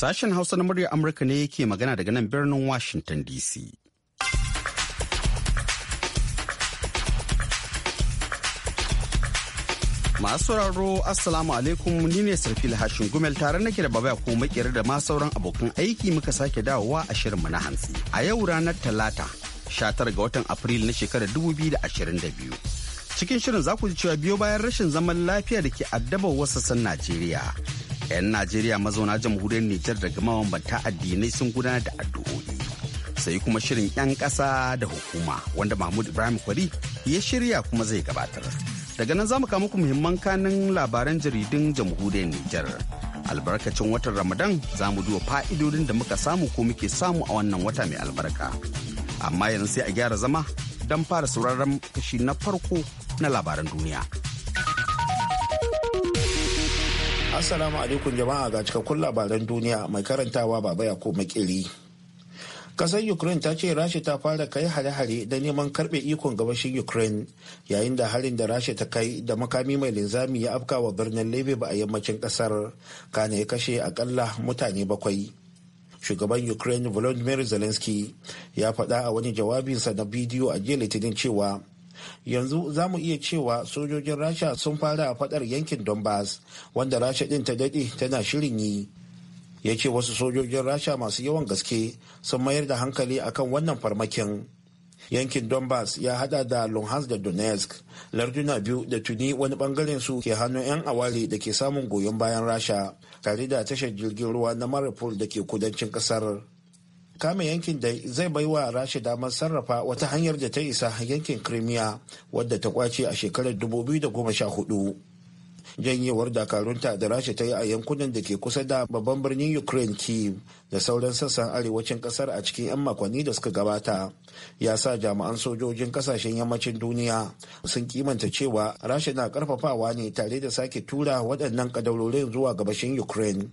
Sashen Hausa na muryar Amurka ne yake magana daga nan birnin Washington DC. Masu sauraro Assalamu alaikum ni ne Sarfi Hashin Gumel tare nake da baba ko makera da ma sauran abokan aiki muka sake dawowa a shirinmu na hantsi. A yau ranar Talata, 19 ga watan Afrilu na shekarar 2022. Cikin shirin za ku ji cewa biyo bayan rashin zaman lafiya da ke addabar wasu Najeriya. 'yan najeriya mazauna jamhuriyar nijar daga mabambanta addinai sun gudanar da addu'o'i sai kuma shirin 'yan ƙasa da hukuma wanda mahmud ibrahim kwari ya shirya kuma zai gabatar daga nan za mu muku muhimman kanin labaran jaridun jamhuriyar nijar albarkacin watan ramadan za mu duba fa'idodin da muka samu ko muke samu a wannan wata mai albarka amma yanzu sai a gyara zama don fara sauraron kashi na farko na labaran duniya Assalamu alaikum jama'a ga cikakkun labaran duniya mai karantawa baba ya ko makili. Kasar Ukraine ta ce Rasha ta fara kai hare-hare da neman karbe ikon gabashin Ukraine yayin da harin da Rasha ta kai da makami mai linzami ya afkawa birnin Lviv a yammacin kasar kana ya kashe akalla mutane bakwai. Shugaban Ukraine Volodymyr Zelensky ya faɗa a wani jawabinsa na bidiyo a jiya Litinin cewa yanzu za mu iya cewa sojojin rasha sun fara a fadar yankin donbass wanda rasha din ta daɗe tana shirin yi ya ce wasu sojojin rasha masu yawan gaske sun mayar da hankali akan wannan farmakin yankin donbass ya hada da luhansk da donetsk larduna biyu da tuni wani bangaren su ke hannun 'yan aware da ke samun goyon bayan rasha tare da tashar jirgin ruwa na maripol da ke kudancin kasar kame yankin da zai baiwa rasha damar sarrafa wata hanyar da ta isa yankin crimea wadda ta kwace a shekarar 2014 janyewar dakarunta da rasha ta yi a yankunan da ke kusa da babban birnin ukraine kiev da sauran sassan arewacin kasar a cikin 'yan makonni da suka gabata ya sa jami'an sojojin kasashen yammacin duniya sun kimanta cewa rasha na karfafawa ne tare da sake tura waɗannan kadarorin zuwa gabashin ukraine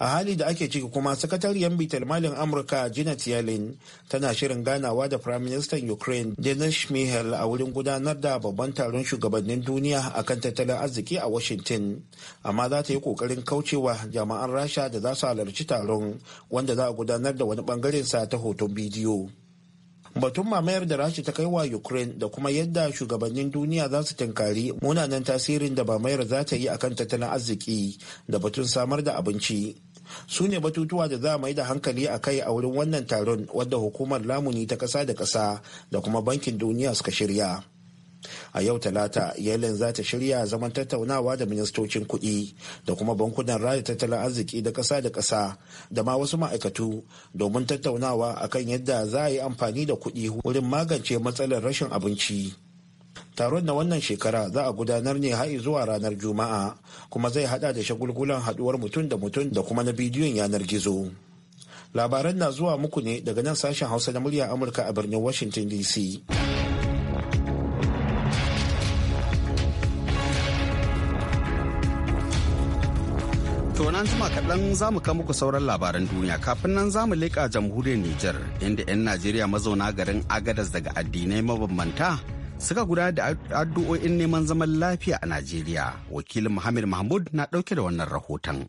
a hali da ake ciki kuma sakatariyar bitar malin amurka janet yellen tana shirin ganawa da prime minister ukraine denis mihel a wurin gudanar da babban taron shugabannin duniya akan tattalin arziki a washington amma za ta yi kokarin kaucewa jama'an rasha da za su halarci taron wanda za a gudanar da wani bangaren sa ta hoton bidiyo batun mamayar da rashi ta kai wa ukraine da kuma yadda shugabannin duniya za su tunkari munanan tasirin da mamayar za ta yi akan tattalin arziki da batun samar da abinci su ne batutuwa da za a mai da hankali a kai a wurin wannan taron wadda hukumar lamuni ta kasa da kasa da kuma bankin duniya suka shirya a yau talata yellen za ta shirya zaman tattaunawa da ministocin kuɗi da kuma bankunan raya tattalin arziki da ƙasa da ƙasa da ma wasu ma'aikatu domin tattaunawa akan yadda za a yi amfani da kuɗi wurin magance matsalar rashin abinci taron na wannan shekara za a gudanar ne har zuwa ranar juma'a kuma zai hada da shagulgulan haduwar mutum da mutum da kuma na bidiyon yanar gizo labaran na zuwa muku ne daga nan sashen hausa na murya amurka a birnin washington dc tonan jima kaɗan za mu muku sauran labaran duniya kafin nan za mu leƙa jamhuriyar Nijar inda 'yan Najeriya mazauna garin Agadas daga addinai mabambanta suka gudanar da addu'o'in neman zaman lafiya a Najeriya. Wakilin Muhammad Mahmud na ɗauke da wannan rahoton.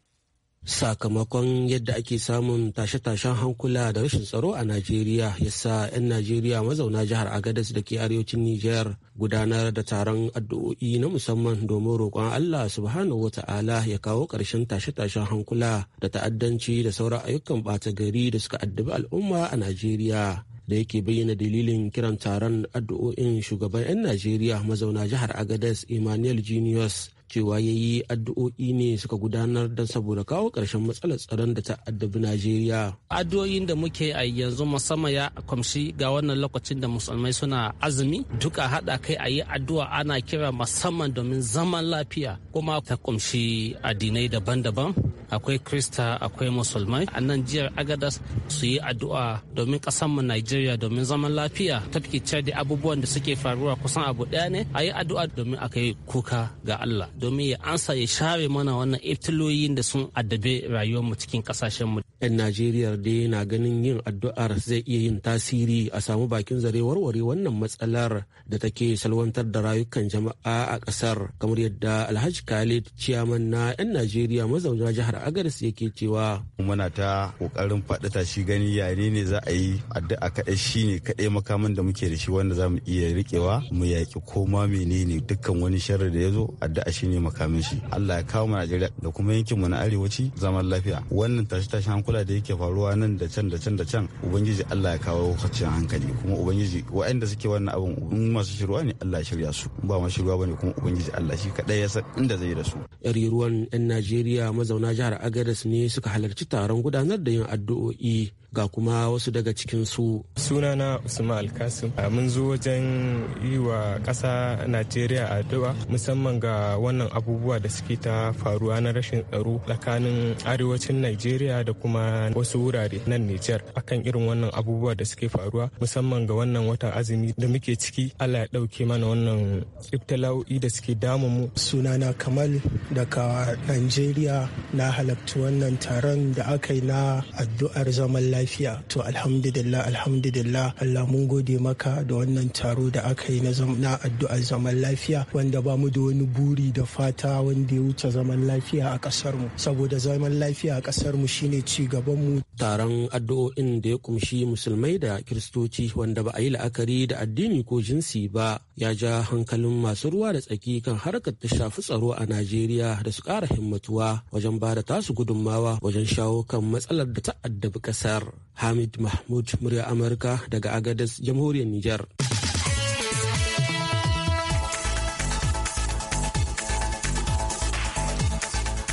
sakamakon yadda ake samun tashe-tashen hankula da rashin tsaro a najeriya ya sa 'yan najeriya mazauna jihar agadas da ke arewacin Niger. gudanar da taron addu'o'i na musamman domin roƙon allah subhanahu wata'ala ya kawo ƙarshen tashe-tashen hankula da ta'addanci da sauran ayyukan ɓata gari da suka addabi al'umma a najeriya da yake bayyana dalilin kiran taron addu'o'in shugaban 'yan najeriya mazauna jihar agadas emmanuel genius cewa ya yi addu'o'i ne suka gudanar don saboda kawo karshen matsalar tsaron da ta addabi najeriya addu'o'in da muke a yanzu musamman ya kwamshi ga wannan lokacin da musulmai suna azumi duk a haɗa kai a yi addu'a ana kira musamman domin zaman lafiya kuma ta kwamshi addinai daban-daban akwai krista akwai musulmai a nan jiyar agadas su yi addu'a domin mu najeriya domin zaman lafiya tafkice da abubuwan da suke faruwa kusan abu ɗaya ne a yi addu'a domin a kai kuka ga allah domin ya ansa ya share mana wannan iftiloyin da sun addabe rayuwarmu cikin mu. 'yan najeriya dai na ganin yin addu'ar zai iya yin tasiri a samu bakin zare warware wannan matsalar da take salwantar da rayukan jama'a a kasar kamar yadda alhaji khalid ciyaman na 'yan najeriya mazauna jihar agaris yake cewa muna ta kokarin faɗata shi gani ya ne za a yi addu'a kaɗai shi ne kaɗai makamin da muke da shi wanda za mu iya riƙewa mu yaƙi koma menene dukkan wani sharri da ya zo addu'a ne makamin shi allah ya kawo mu najeriya da kuma yankin na arewaci zaman lafiya wannan tashi tashi kula da yake faruwa nan da can da can da can ubangiji Allah ya kawo kwacin hankali kuma ubangiji waɗanda suke wannan abin in masu shirwa ne Allah ya shirya su ba ma shirwa bane kuma ubangiji Allah shi kadai ya san inda zai da su yar ruwan yan Najeriya mazauna jihar Agadez ne suka halarci taron gudanar da yin addu'o'i ga kuma wasu daga cikin su sunana usman alkasim mun zo wajen yi wa ƙasa najeriya addu'a musamman ga wannan abubuwa da suke ta faruwa na rashin tsaro tsakanin arewacin najeriya da kuma wasu wurare nan nijar akan irin wannan abubuwa da suke faruwa musamman ga wannan wata azumi da muke ciki allah ya ɗauke mana wannan ibtala'o'i da suke damun mu sunana kamal daga najeriya na halarci wannan taron da aka yi na addu'ar zaman lafiya lafiya to alhamdulillah alhamdulillah Allah mun gode maka da wannan taro da aka yi na addu'a zaman lafiya wanda ba mu da wani buri da fata wanda ya wuce zaman lafiya a kasar mu saboda zaman lafiya a kasar mu shine ci gaban mu taron addu'o'in da ya kumshi musulmai da kiristoci wanda ba a yi la'akari da addini ko jinsi ba ya ja hankalin masu ruwa da tsaki kan harkar ta shafi tsaro a Najeriya da su ƙara himmatuwa wajen ba da tasu gudunmawa wajen shawo kan matsalar da ta addabi ƙasar. Hamid Mahmud murya Amurka daga Agadez, Jamhuriyar Nijar.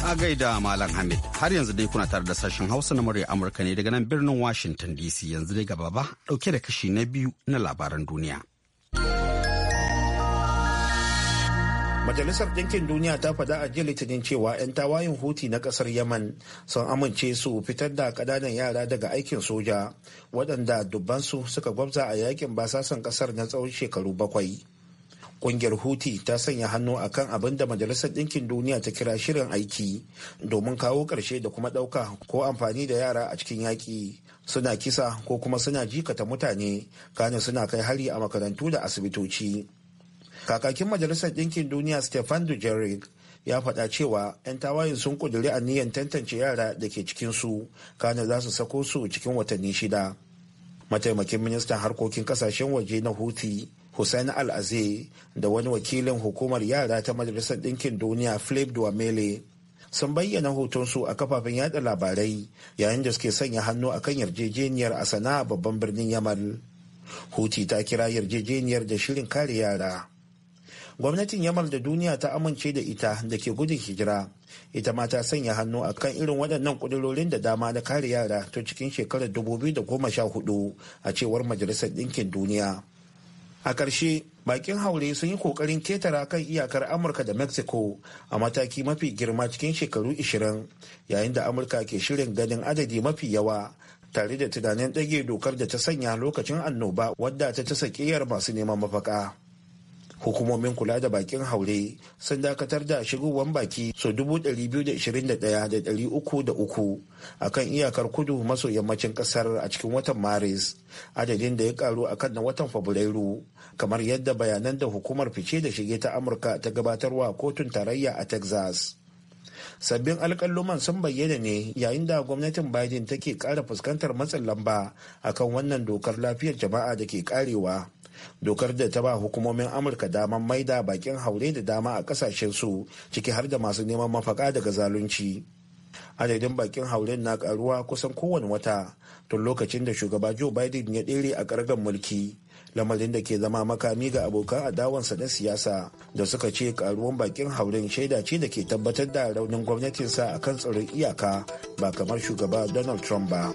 a gaida Malam Hamid. Har yanzu dai kuna tare da sashen Hausa na murya Amurka ne daga nan birnin Washington DC yanzu dai gaba ba dauke da kashi na biyu na labaran duniya. Majalisar Ɗinkin Duniya ta faɗa a jiya Litinin cewa 'yan tawayin Huti na ƙasar Yaman sun amince su fitar da ƙananan yara daga aikin soja waɗanda dubbansu suka gwabza a yakin basasan ƙasar na tsawon shekaru bakwai. Ƙungiyar Huti ta sanya hannu a kan abin da Majalisar Ɗinkin Duniya ta kira shirin aiki domin kawo ƙarshe da kuma ɗauka ko amfani da yara a cikin yaƙi suna kisa ko kuma suna jikata mutane kane suna kai hari a makarantu da asibitoci. kakakin majalisar ɗinkin duniya stefan dujarric ya faɗa cewa 'yan tawayen sun ƙudiri niyyar tantance yara da ke cikinsu kana za su sako su cikin watanni shida mataimakin ministan harkokin kasashen waje na huthi hussein al'aze da wani wakilin hukumar yara ta majalisar ɗinkin duniya philip duamele sun bayyana hotonsu a kafafen yada labarai yayin da suke sanya hannu akan yarjejeniyar a sana'a babban birnin yamal huti ta kira yarjejeniyar da shirin kare yara gwamnatin yamal da duniya ta amince da ita da ke gudun hijira ita ma ta sanya hannu a kan irin waɗannan ƙudurorin da dama na kare yara ta cikin shekarar 2014 a cewar majalisar ɗinkin duniya a ƙarshe bakin haure sun yi ƙoƙarin ketara kan iyakar amurka da mexico a mataki mafi girma cikin shekaru 20 yayin da amurka ke shirin ganin adadi mafi yawa tare da tunanin ɗage dokar da ta sanya lokacin annoba wadda ta ta masu neman mafaka hukumomin kula da bakin haure sun dakatar da shigowar baki so 221,303 a kan iyakar kudu maso yammacin kasar a cikin watan maris adadin da ya karu a kan na watan fabrairu kamar yadda bayanan da hukumar fice da shige ta amurka ta gabatarwa kotun tarayya a texas sabbin alƙalluman sun bayyana ne yayin da gwamnatin biden take ƙara fuskantar matsin lamba akan wannan dokar lafiyar jama'a da ke karewa dokar da ta ba hukumomin amurka damar maida bakin haure da dama a kasashen su ciki har da masu neman mafaka daga zalunci adadin bakin hauren na karuwa kusan kowane wata tun lokacin da shugaba joe biden ya ɗere a ƙargan mulki lamarin da ke zama makami ga abokan adawansa na siyasa da suka ce karuwan bakin hauren shaida ce da ke tabbatar da raunin gwamnatinsa kan tsaron iyaka ba kamar shugaba donald trump ba.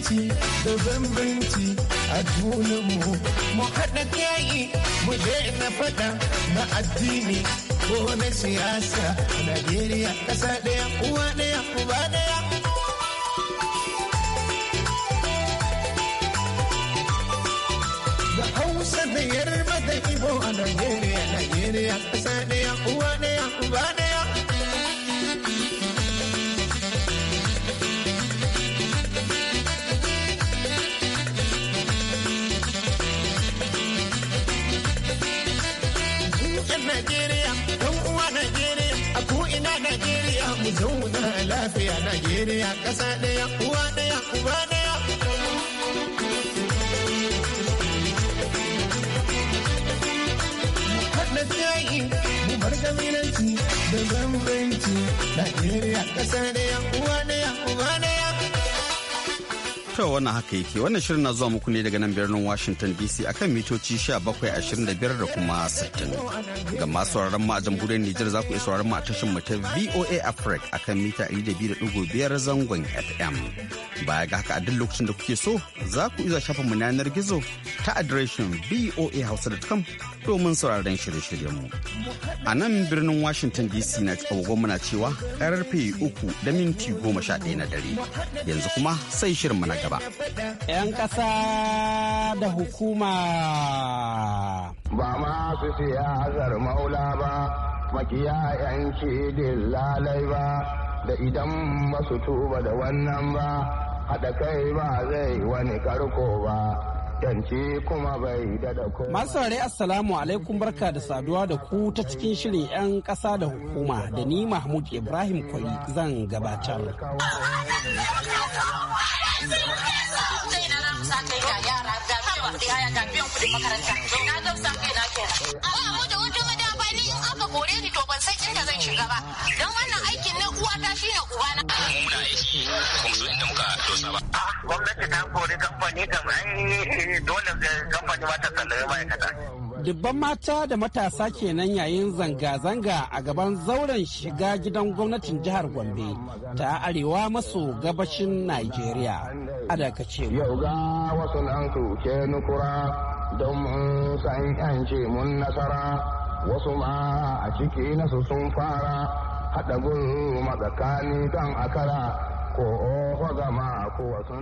bambanci da bambanci a junanmu mu haɗa kai mu na faɗa na addini ko na siyasa a Najeriya ƙasa ɗaya uwa ɗaya lafiya Najeriya ƙasa ɗaya uwa ɗaya uba ɗaya. mu bar da bambanci Najeriya ƙasa ɗaya uwa ɗaya uba ɗaya. To wannan haka yake wannan shirin na zuwa muku ne daga nan birnin Washington DC akan mitoci 1725 da kuma 60. Ga masu sauraron mu a jamhuriyar Nijar za ku iya sauraron mu a tashin mu ta VOA Africa akan mita 102.5 zangon FM. Baya ga haka a duk lokacin da kuke so za ku iya shafin mu yanar gizo ta adireshin boahausa.com domin sauraron shirye-shiryenmu. A nan birnin Washington DC na agogon muna cewa karfe uku da minti goma sha ɗaya na dare. Yanzu kuma sai shirin na gaba. 'Yan ƙasa da hukuma. Ba ma su siyasar maula ba, makiya 'yanci lalai ba, da idan ba su tuba da wannan ba. haɗa kai ba zai wani karko ba. Yanci kuma bai daɗa ko. Masu Assalamu alaikum barka da saduwa da ku ta cikin shirin 'yan ƙasa da hukuma da ni Mahmud Ibrahim Kwai zan gabatar. Ba mu da wata ni in aka kore ni to ban san inda zan shiga ba don wannan aikin na uwa ta shine ubana muna aiki kuma su inda muka dosa ba gwamnati ta kore kamfani kam ai dole kamfani ma ta sallame ma'aikata dubban mata da matasa kenan yayin zanga-zanga a gaban zauren shiga gidan gwamnatin jihar gombe ta arewa maso gabashin nigeria a daga ce yau ga wasu nan su ke nukura don mun san yance mun nasara wasu ma a ciki nasu sun fara haɗa gulma matsakani don akara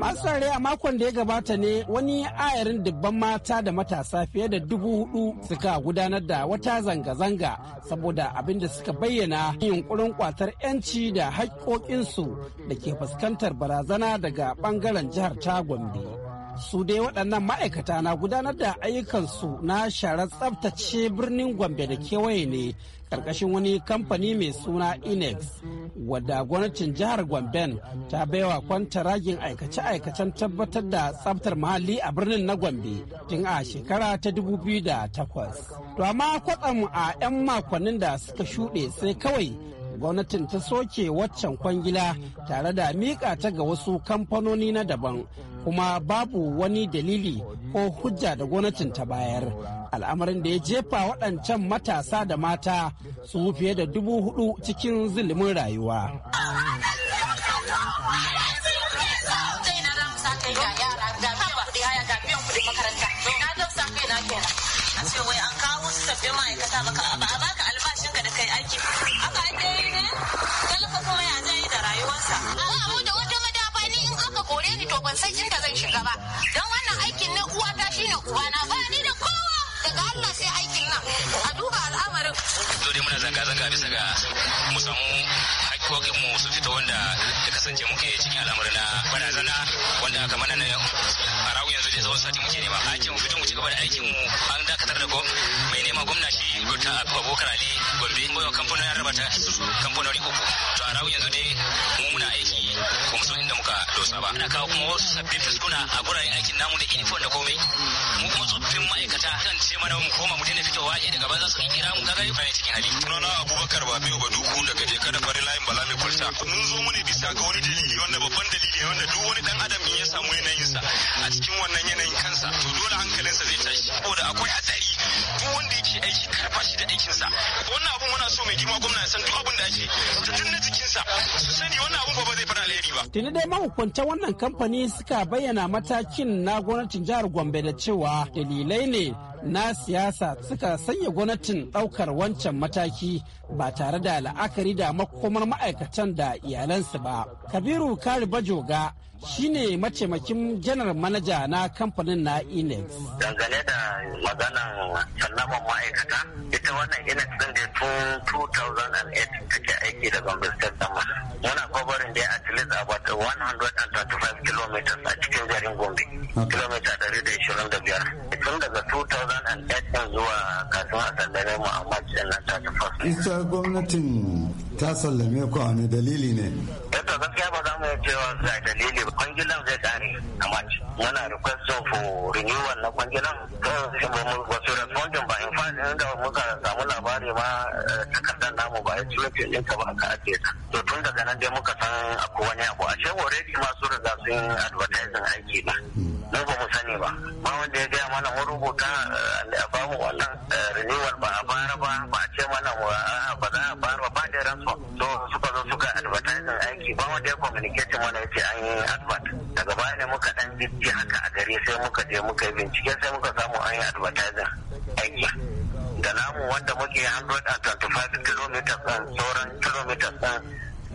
Masu rai a makon da ya gabata ne wani ayarin dubban mata da matasa fiye da dubu hudu suka gudanar da wata zanga-zanga saboda abinda suka bayyana yunkurin kwatar 'yanci da haƙƙoƙinsu da ke fuskantar barazana daga ɓangaren jihar ta Gombe. su dai waɗannan ma'aikata na gudanar da ayyukansu na sharar tsaftace birnin gombe da kewaye ne ƙarƙashin wani kamfani mai suna inex wadda gwamnatin jihar gomben ta baiwa kwanta ragin aikace-aikacen tabbatar da tsaftar muhalli a birnin na gombe tun a shekara ta dubu biyu 2008 to amma kwatsam a 'yan makonnin da suka shuɗe sai kawai gwamnatin ta soke waccan kwangila tare da miƙa ta ga wasu kamfanoni na daban kuma babu wani dalili ko hujja da gwamnatin ta bayar al'amarin da ya jefa waɗancan matasa da mata su fiye da dubu hudu cikin zilimin rayuwa a ce wai an kawo sabbin ma'aikata baka a baka albashinka da kai aiki wana ba ni da kowa daga Allah sai aikin nan a duba al'amarin. Dole muna zanga-zanga bisa ga mu samu shugaban mu su fito wanda da kasance muke cikin al'amari na barazana wanda aka mana na rawu yanzu da zaman sati muke nema aikin mu fito mu ci gaba da aikin mu an dakatar da gwam mai nema gwamna shi gota abubakar ali gombe bayan kamfanin ya raba ta kamfanoni uku to a rawu yanzu ne mu muna aiki kuma sun inda muka dosa ba ana kawo kuma wasu sabbin fuskuna a guraren aikin namu da uniform da komai mu kuma tsoffin ma'aikata kan ce mana mu koma mu daina fitowa eh daga ba za su kira mu kaga ne cikin hali sunana abubakar ba biyu ba duku daga je kada bala mai kwarsa mun zo mu ne bisa ga wani dalili wanda babban dalili wanda duk wani dan adam in ya samu yanayinsa a cikin wannan yanayin kansa to dole hankalinsa zai tashi saboda akwai hatsari duk wanda yake aiki karfa shi da aikinsa wannan abun muna so mai girma gwamna ya san duk da na su sani wannan abun ba zai fara alheri ba tuni dai mahukunta wannan kamfani suka bayyana matakin na gwamnatin jihar Gombe da cewa dalilai ne na siyasa suka sanya gwamnatin ɗaukar wancan mataki ba tare da la'akari da makomar ma'aikatan da iyalansu ba. Kabiru Kari Bajoga shine mataimakin janar manaja na kamfanin na inex dangane da maganan sallaman ma'aikata ita wannan inex din da tun 2008 take aiki da gombe state muna covering dai at least about 125 km a cikin garin gombe km 125 zuwa kasuwa a march ta sallame ku a dalili ne eh, to gaskiya ba za mu cewa za dalili ba kwangilan zai a amma muna requesting for renewal na kwangilan to ba mu ba su responding ba in fact inda muka samu labari ma eh, takardar namu ba ya ci wace yin ka ba ka ake ta to tun daga nan dai muka san akwai wani abu a ce already ma su riga sun yi advertising aiki ba Mun ba mu sani ba ba wanda ya gaya mana mu rubuta eh, babu wannan renewal ba a bara ba ba a ce mana mu. Ah, sai communication mana yace an yi advert daga baya ne muka dan bibbi haka a gari sai muka je muka yi bincike sai muka samu an yi advertising aiki da namu wanda muke 125 km ɗin sauran kilometers ɗin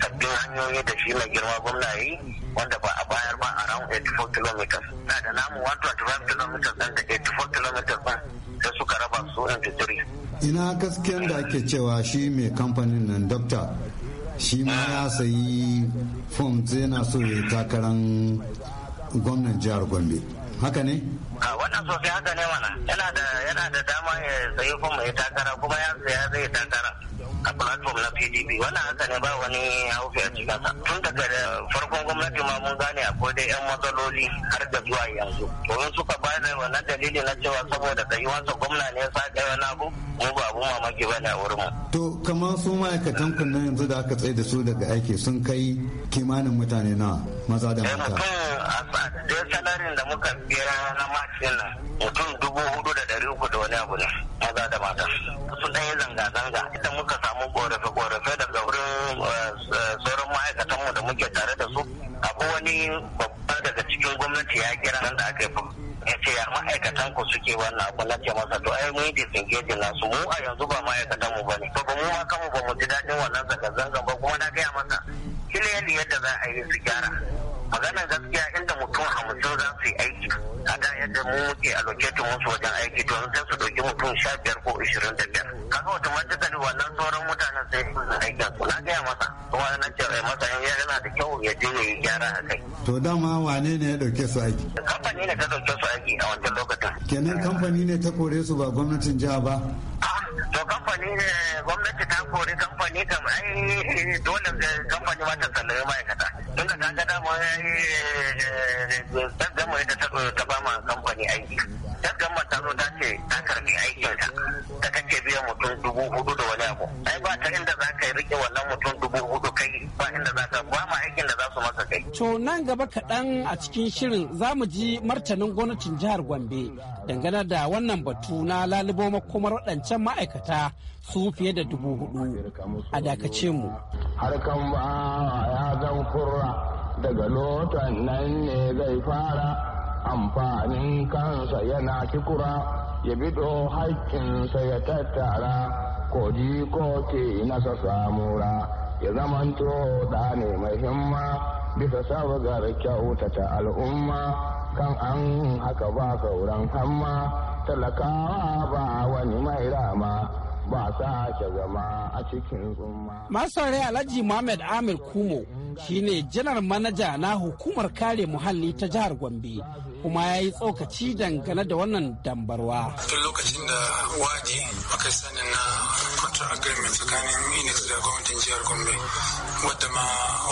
sabbin hanyoyi da shi mai girma gwamna yi wanda ba a bayar ba a round 84 km na da namu 125 km ɗin da 84 km ɗin sai suka raba su into three ina gaskiyar da ake cewa shi mai kamfanin nan dokta shi ma ya sayi fom sai yana so ya takarar gwamnan jihar gombe haka ne a wannan sosai haka ne mana yana da dama ya sayi fom ya takara kuma ya saya zai takara a platform na pdp wannan haka ne ba wani haufi a cikinsa tun daga farkon gwamnati ma mun gane ko dai yan matsaloli har da zuwa yanzu domin suka ba da wannan dalili na cewa saboda tsayuwansa gwamna ne sa ga wani abu mu ba abu mamaki ba ne a wurin to kamar su ma'aikatan ku na yanzu da aka tsaye da su daga aiki sun kai kimanin mutane na maza da eh, mata mutum salarin da muka bera na mashin mutum dubu hudu da dari uku da wani abu ne maza da mata sun ɗaya zanga-zanga idan muka samu samu korafe-korafe daga wurin eh, eh, sauran ma'aikatanmu da muke tare da su akwai wani babba daga cikin gwamnati ya kira nan da aka yi ya ce ya ma'aikatan ku suke wannan abu na ce masa to ai mun yi disengage na su mu a yanzu ba ma'aikatan mu bane to ba mu ma kanmu ba mu ji daɗin wannan zanga-zanga ba kuma na gaya masa kile yadda za a yi su gyara maganar gaskiya inda mutum hamsin za su yi aiki a da yadda mu muke allocating musu wajen aiki to sai su ɗauki mutum sha biyar ko ishirin da biyar kaga automatically wannan sauran mutanen sai su aikin su na gaya masa kuma na ce masa yana da kyau ya je ya yi gyara a kai. to dama wane ne ya ɗauke su aiki. kamfani ne ta ɗauke su aiki a wancan lokacin. kenan kamfani ne ta kore su ba gwamnatin jiha ba. Ah, to kamfani kamfani gwamnati ta kori kamfani kam ai dole da kamfani ma ta sallame ma'aikata tun da kaga dama ya yi eh, eh, eh, tsaggama da ta ba ma kamfani aiki tsaggama ta zo ta ce ta karbi aikinta ta kake biya mutum dubu hudu da wani abu ai ba ta inda za ka yi rike wannan mutum dubu hudu kai ba inda za ka ba ma aikin da za su masa kai. to nan gaba kaɗan a cikin shirin za mu ji martanin gwamnatin jihar gombe dangane da wannan batu na lalubo makomar waɗancan ma'aikata su fiye da dubu hudu a dakace mu. Harkan ba ya zan kurra daga lotan nan ne zai fara amfanin kansa yana kikura ya bido haƙƙinsa ya tattara koji ko ke nasa samura ya zamanto da ne mai himma bisa kyauta kyautata al'umma kan an haka ba sauran hamma talakawa ba wani mai rama ba ke zama a cikin tsumma. Masarai Alhaji Muhammad Amir Kumo shine janar manaja na hukumar kare muhalli ta jihar Gombe kuma ya yi tsokaci dangane da wannan dambarwa. Tun lokacin da wadi aka sani na contract agreement tsakanin Inex da gwamnatin jihar Gombe wadda ma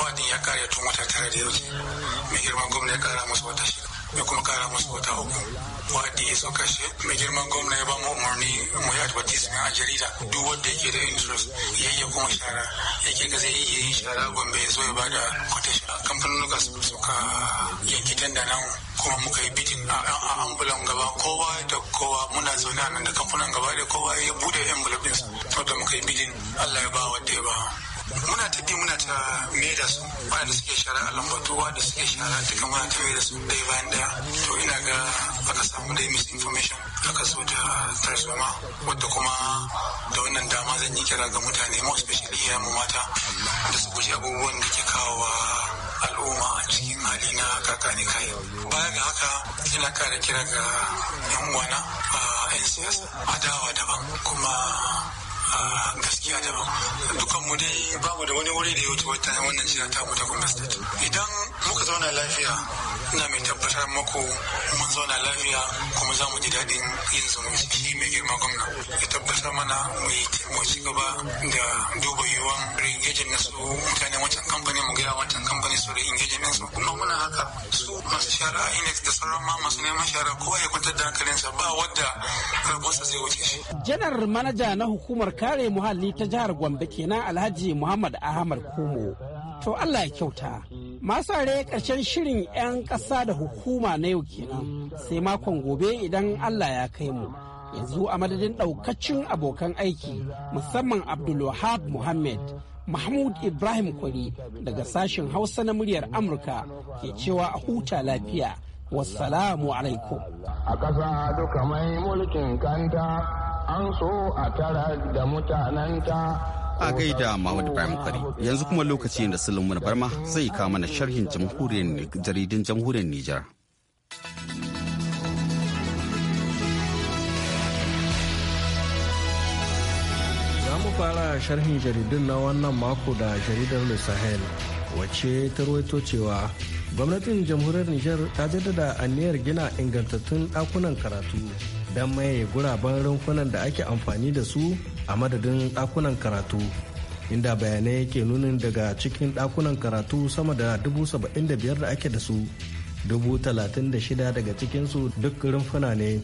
wadin ya kare tun wata tara da yau Mai girman gwamna ya kara musu wata shida. Ya kuma kara musu wata uku. Wadi ya so mai girman gwamna ya ba mu umarni advertisement a jarida duk wanda yake da interest yayya kuma shara yake ga zai yi shara gombe ya zo ya bada quotation kamfanonuka suka yanki tanda nan kuma muka yi bitin a ambulan gaba kowa da kowa muna zaune a nan da kamfanin gaba da kowa ya bude envelope din to da muka yi bitin Allah ya ba da ya ba muna ta bi muna ta me da su wanda suke shara lambatu wanda suke shara duka muna ta me da su ɗaya bayan ɗaya to ina ga aka samu dai misinformation aka so ta tarsoma wadda kuma da wannan dama zan yi kira ga mutane mu especially iya mu mata da su guji abubuwan da ke kawo al'umma a cikin hali na kakani kai baya ga haka ina kara kira ga yan uwana a yan siyasa adawa daban kuma gaskiya daban dukan mu dai ba mu da wani wuri da ya wuce wannan jiya ta mu ta gwamnati idan muka zauna lafiya ina mai tabbatar muku zauna lafiya kuma za mu ji daɗin yin zaman shi mai girma gwamna ya tabbata mana mu ci gaba da duba yiwuwan ringejin na su mutane wancan kamfanin mu gaya wancan kamfanin su da ingejin su kuma muna haka su masu shara inex da sauran ma masu neman shara kowa ya kwantar da hankalin sa ba wadda rabonsa zai wuce shi. janar manaja na hukumar kare muhalli ta jihar gombe kenan alhaji muhammad ahmad kumo To Allah ya kyauta. Masare ƙarshen shirin 'yan ƙasa da hukuma na yau kenan sai makon gobe idan Allah ya kai mu. Yanzu a madadin ɗaukacin abokan aiki musamman Abdulwahab Muhammad. Mahmud Ibrahim Kwari daga sashen Hausa na muryar Amurka ke cewa a huta lafiya. Wassalamu alaikum. A ƙasa duka mai mulkin kanta, an so a tara da mutanenta. A gaida Mahmud Ibrahim Kwari yanzu kuma lokaci da Sulaiman Barma zai kawo mana sharhin jaridin jamhuriyar Nijar. Za mu fara sharhin jaridun na wannan mako da jaridar Lusahel Sahel wacce ta ruwaito cewa gwamnatin jamhuriyar Nijar ta jaddada aniyar gina ingantattun ɗakunan karatu don maye guraben rumfunan da ake amfani da su a madadin ɗakunan karatu inda bayanai yake nunin daga cikin ɗakunan karatu sama da dubu saba'in da biyar da ake da su dubu talatin da shida daga cikinsu duk rumfuna ne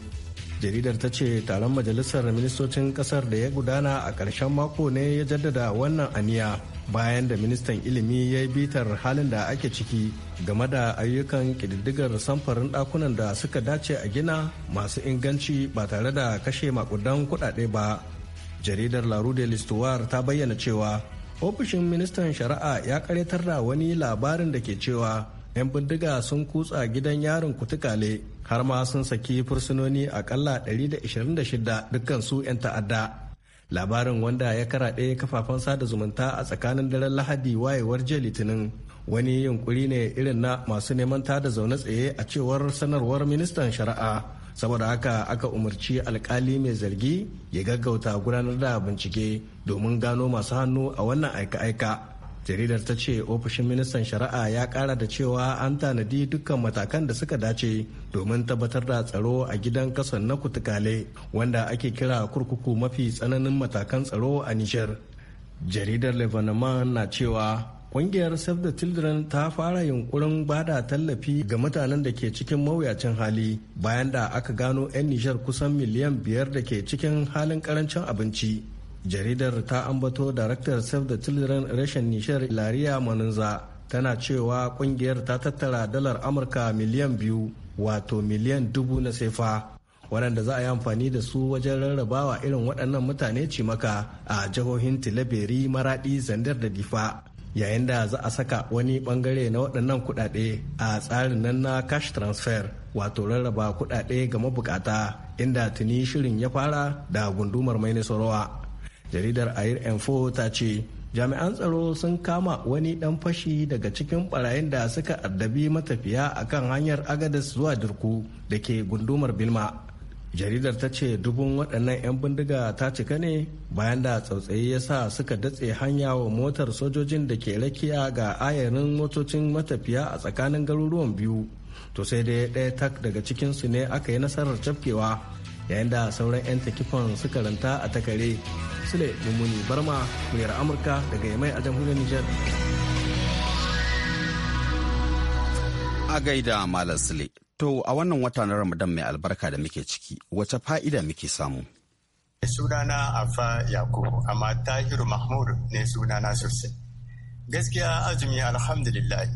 jaridar ta ce taron majalisar ministocin kasar da ya gudana a ƙarshen mako ne ya jaddada wannan aniya bayan da ministan ilimi ya yi bitar halin da ake ciki game da ayyukan ƙididdigar samfarin ɗakunan da suka dace a gina masu inganci ba tare da kashe makudan kuɗaɗe ba jaridar la rue de l'histoire ta bayyana cewa ofishin ministan shari'a ya karyatar da wani labarin da ke cewa 'yan bindiga sun kutsa gidan yarin kutukale har ma sun saki fursunoni akalla 126 dukkansu 'yan ta'adda labarin wanda ya karaɗe kafafen sada zumunta a tsakanin daren lahadi wayewar jiya litinin wani yunkuri ne irin na masu neman tada zaune tsaye a cewar sanarwar ministan shari'a saboda haka aka umarci alkali mai zargi ya gaggauta gudanar da bincike domin gano masu hannu a wannan aika-aika jaridar ta ce ofishin ministan shari'a ya kara da cewa an tanadi dukkan matakan da suka dace domin tabbatar da tsaro a gidan kasan na kutukale wanda ake kira kurkuku mafi tsananin matakan tsaro a nijar jaridar lebanon na cewa Ƙungiyar Save the Children ta fara yunkurin bada tallafi ga mutanen da ke cikin mawuyacin hali bayan da aka gano 'yan Nijar kusan miliyan biyar da ke cikin halin karancin abinci. Jaridar ta ambato Daraktar Save the Children rashin Nijar Lariya Manunza tana cewa ƙungiyar ta tattara dalar Amurka miliyan biyu wato miliyan dubu na sefa waɗanda za a yi amfani da su wajen rarrabawa irin waɗannan mutane cimaka a jihohin tilaberi maraɗi zandar da difa yayin da za a saka wani bangare na waɗannan kuɗaɗe a tsarin nan na cash transfer wato rarraba kuɗaɗe ga mabukata inda tuni shirin ya fara da gundumar mai nasarawa jaridar air info ta ce jami'an tsaro sun kama wani ɗan fashi daga cikin barayin da suka addabi matafiya akan hanyar agadas zuwa dirku da ke gundumar bilma jaridar ta ce dubun waɗannan 'yan bindiga ta cika ne bayan da tsautsayi ya sa suka datse hanya wa motar sojojin da ke rakiya ga ayarin motocin matafiya a tsakanin garuruwan biyu to sai dai ɗaya tak daga cikinsu ne aka yi nasarar cafkewa yayin da sauran 'yan takifan suka ranta a takare sule mummuni barma muryar amurka daga yamai a jamhuriyar niger. a gaida malam sule To a wannan wata na Ramadan mai albarka da muke ciki, wace fa'ida muke samu? Sunana Afa Yakubu, amma Tahiru Mahmud ne sunana sosai. Gaskiya azumi alhamdulillahi.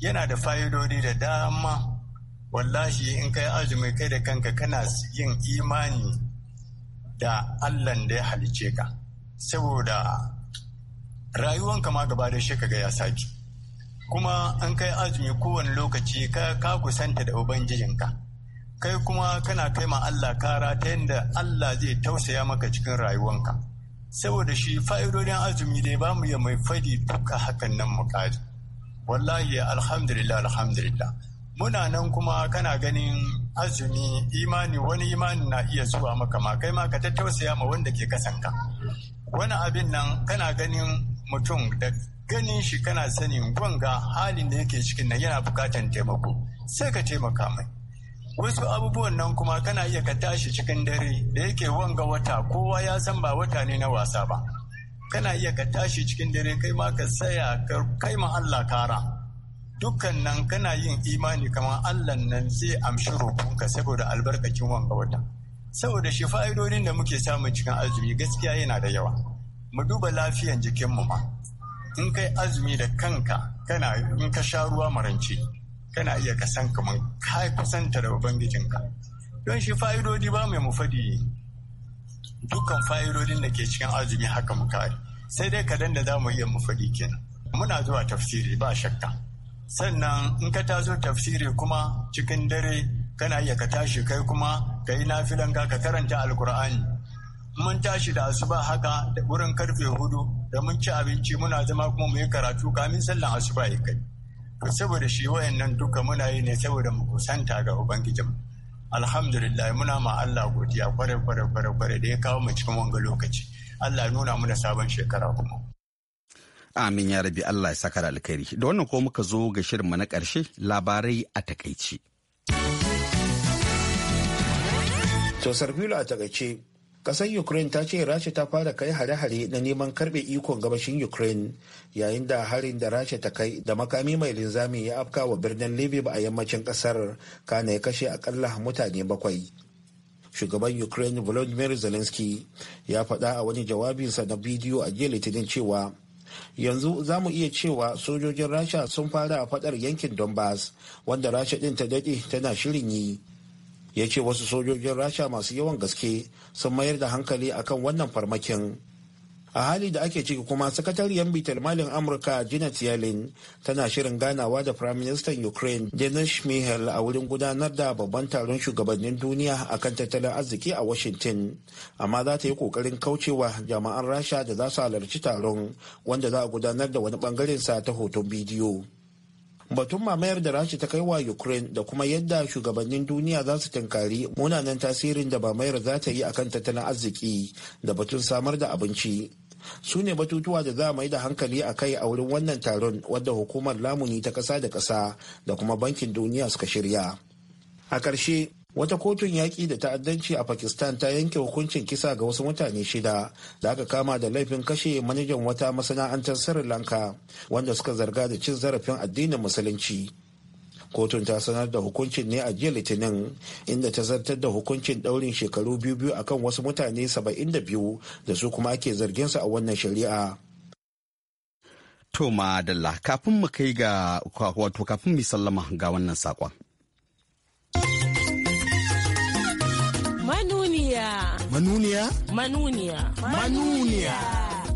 yana da fa'idodi da dama. Wallahi in kai azumi kai da kanka kana yin imani da allah da ya halice ka. Saboda rayuwanka ma gaba da shi ka ga ya sake. kuma an kai azumi kowane lokaci ka ka kusanta da ubangijinka kai kuma kana kai ma Allah kara ta yadda Allah zai tausaya maka cikin rayuwanka saboda shi fa'idodin azumi dai ba mu ya mai fadi duka hakan nan mu kaji wallahi alhamdulillah alhamdulillah muna nan kuma kana ganin azumi imani wani imani na iya zuwa maka ma kai ma ka tausaya ma wanda ke kasanka wani abin nan kana ganin mutum da ganin shi kana sanin gwanga halin da yake cikin nan yana bukatan taimako sai ka taimaka mai wasu abubuwan nan kuma kana iya ka tashi cikin dare da yake wanga wata kowa ya san ba wata ne na wasa ba kana iya ka tashi cikin dare kai ma ka saya kai ma Allah kara dukkan nan kana yin imani kamar Allah nan zai amshi roƙonka saboda albarkacin wanga wata saboda shi fa'idodin da muke samun cikin azumi gaskiya yana da yawa mu duba lafiyan jikinmu ma in kai azumi da kanka kana in ka sha ruwa marance kana iya kasan kamar ka kusanta da ubangijinka don shi fa'idodi ba mai mufadi dukkan fa'idodin da ke cikin azumi haka mu sai dai kadan da za mu iya mufadi kenan muna zuwa tafsiri ba shakka sannan in ka taso tafsiri kuma cikin dare kana iya ka tashi kai kuma ka yi nafilanka ka karanta alkur'ani mun tashi da asuba haka da wurin karfe hudu da mun ci abinci muna zama kuma mu yi karatu kamin sallan asuba ya kai to saboda shi wayannan duka muna yi ne saboda mu kusanta ga ubangijinmu alhamdulillah muna ma Allah godiya kware kware kware kware da ya kawo mu cikin wanga lokaci Allah ya nuna muna sabon shekara kuma amin ya rabi Allah ya saka da alkhairi da wannan ko muka zo ga shirinmu na karshe labarai a takaici to sarfilo a takaice Ƙasar Ukraine ta ce Rasha ta fara kai hare-hare na neman karbe ikon gabashin Ukraine yayin da harin da Rasha ta kai da makami mai linzami ya afka wa birnin Lviv a yammacin ƙasar kana ya kashe akalla mutane bakwai. Shugaban Ukraine Volodymyr Zelensky ya faɗa a wani jawabinsa na bidiyo a jiya Litinin cewa yanzu za mu iya cewa sojojin rasha sun fara a fadar yankin donbass wanda rasha din ta dade tana shirin yi ya ce wasu sojojin rasha masu yawan gaske sun mayar da hankali akan wannan farmakin a hali da ake ciki kuma sakatariyar bitar malin amurka janet yellen tana shirin ganawa da prime minister ukraine janet schmihel a wurin gudanar da babban taron shugabannin duniya akan tattalin arziki a washington amma za ta yi kokarin kaucewa jama'an rasha da za su halarci taron wanda za a gudanar da wani bangaren sa ta hoton bidiyo batun mamayar da rashi ta kai wa ukraine da kuma yadda shugabannin duniya za su tunkari munanan tasirin da mamayar za ta yi akan tattalin arziki da batun samar da abinci su ne batutuwa da za a mai da hankali a kai a wurin wannan taron wadda hukumar lamuni ta kasa da kasa da kuma bankin duniya suka shirya a ƙarshe wata kotun yaƙi da ta'addanci a pakistan ta yanke hukuncin kisa ga wasu mutane shida da aka kama da laifin kashe manajan wata masana'antar sri lanka wanda suka zarga da cin zarafin addinin musulunci kotun ta sanar da hukuncin ne a jiya litinin inda ta zartar da hukuncin daurin shekaru biyu biyu akan wasu mutane 72 da su kuma ake zargin su a wannan shari'a to madalla kafin mu kai ga wato kafin mu sallama ga wannan sakon Manuniya. Manuniya. Manuniya. Manuniya.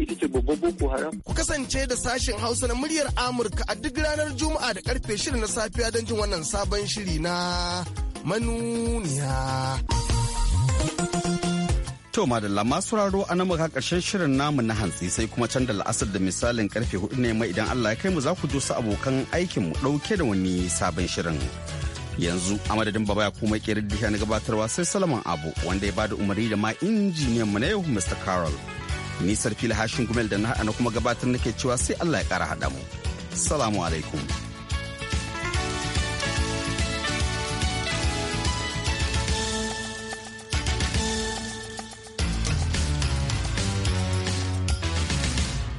ita ce babban boko haram. Ku kasance da sashen Hausa na muryar Amurka a duk ranar Juma'a da karfe shirin na safiya don jin wannan sabon shiri na manuniya. To madalla masu raro a namuka karshen shirin namu na hantsi sai kuma can da la'asar da misalin karfe hudu ne mai idan Allah ya kai mu za ku su abokan aikin mu dauke da wani sabon shirin. Yanzu a madadin baba ya kuma kere da na gabatarwa sai Salaman Abu wanda ya bada umarni da ma injiniyan mu na yau Mr. Carol. Ni Sarfila Hashin Gumel da na kuma gabatar nake cewa sai Allah ya kara haɗa mu. Salamu alaikum.